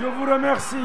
Je vous remercie.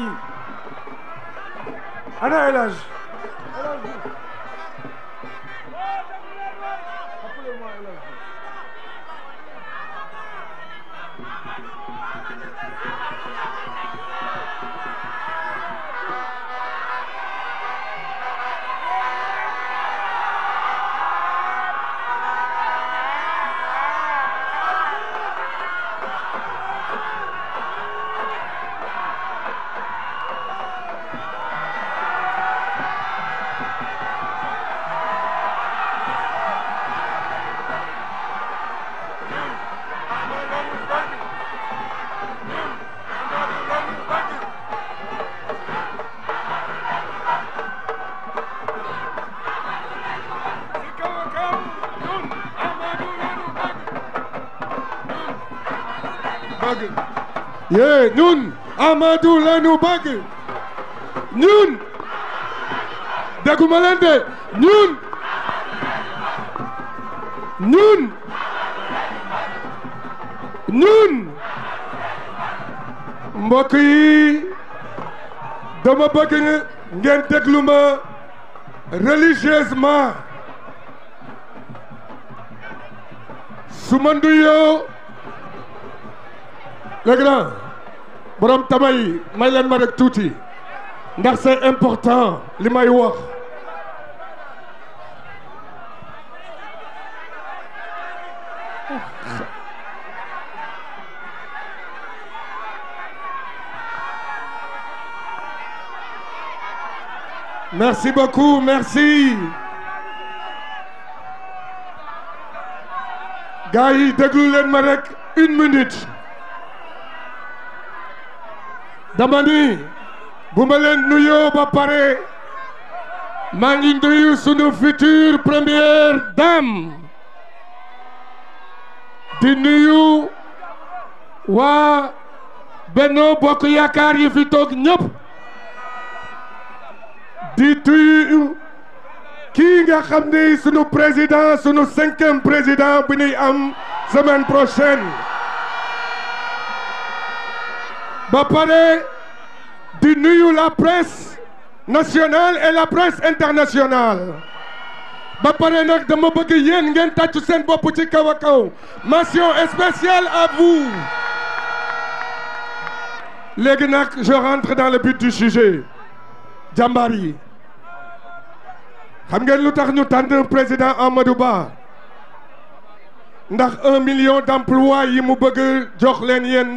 bëgg yee ñun Amadou la ñu bëgg ñun dégguma leen de ñun ñun ñun mbokk yi dama bëgg ngeen déglu ma religieusement su ma le grand Bram tama marek may Merci important les may Merci beaucoup, merci. Gaï, yi Marek, une minute. dama ni bu ma leen ba pare maa ngi nuyu sunu future première dame di nuyu waa Benno Bokk Yaakaar yi fi toog ñëpp di tuyu kii nga xam ni sunu président sunu cinquième président bi ñuy am semaine prochaine ba du di de la presse nationale et la presse internationale ba pare de dama bëgg yéen ngeen qui seen bopp ci mention spéciale à vous je rentre dans le but du sujet Jambari. Je xam ngeen lu nous ñu le président Amadou Ba ndax un million d'emplois yi mu bëgg jox leen yéen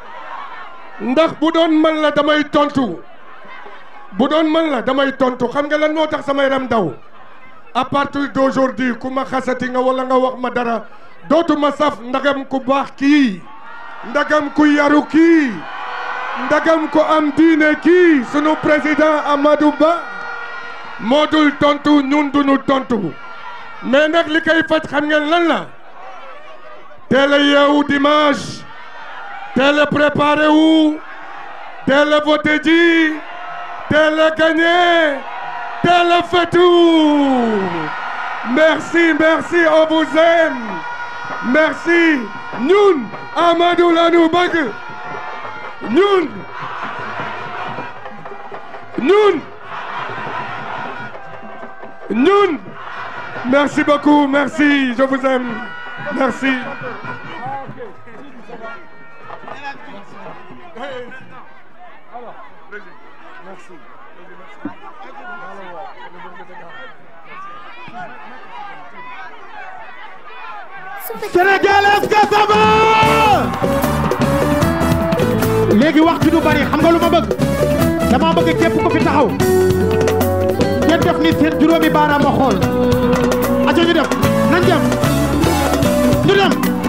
ndax bu doon man la damay tontu bu doon man la damay tontu xam nga lan moo tax samay ram daw à partir d'aujourd'hui ku ma xasati nga wala nga wax ma dara dootuma saf ndagam ku baax kii ndagam ku yaru kii ndagam ku am diine kii sunu président Amadou Ba moo dul tontu ñun duñu tontu mais nag li koy faj xam ngeen lan la teel a yeewu dimanche où vous le télé-voter-dit, gagné. gagner le télé-fait-tout. Merci, merci, on vous aime. Merci. Nous, Amadou Lanou Nous. Nous. Nous. Merci beaucoup, merci, je vous aime. Merci. Alors, Merci. Merci. Sénégal wax ci du bari xam nga lu ma bëgg dama bëgg képp ko fi taxaw def ni seen juróomi baaraam ma xool aco ñu def nañ dem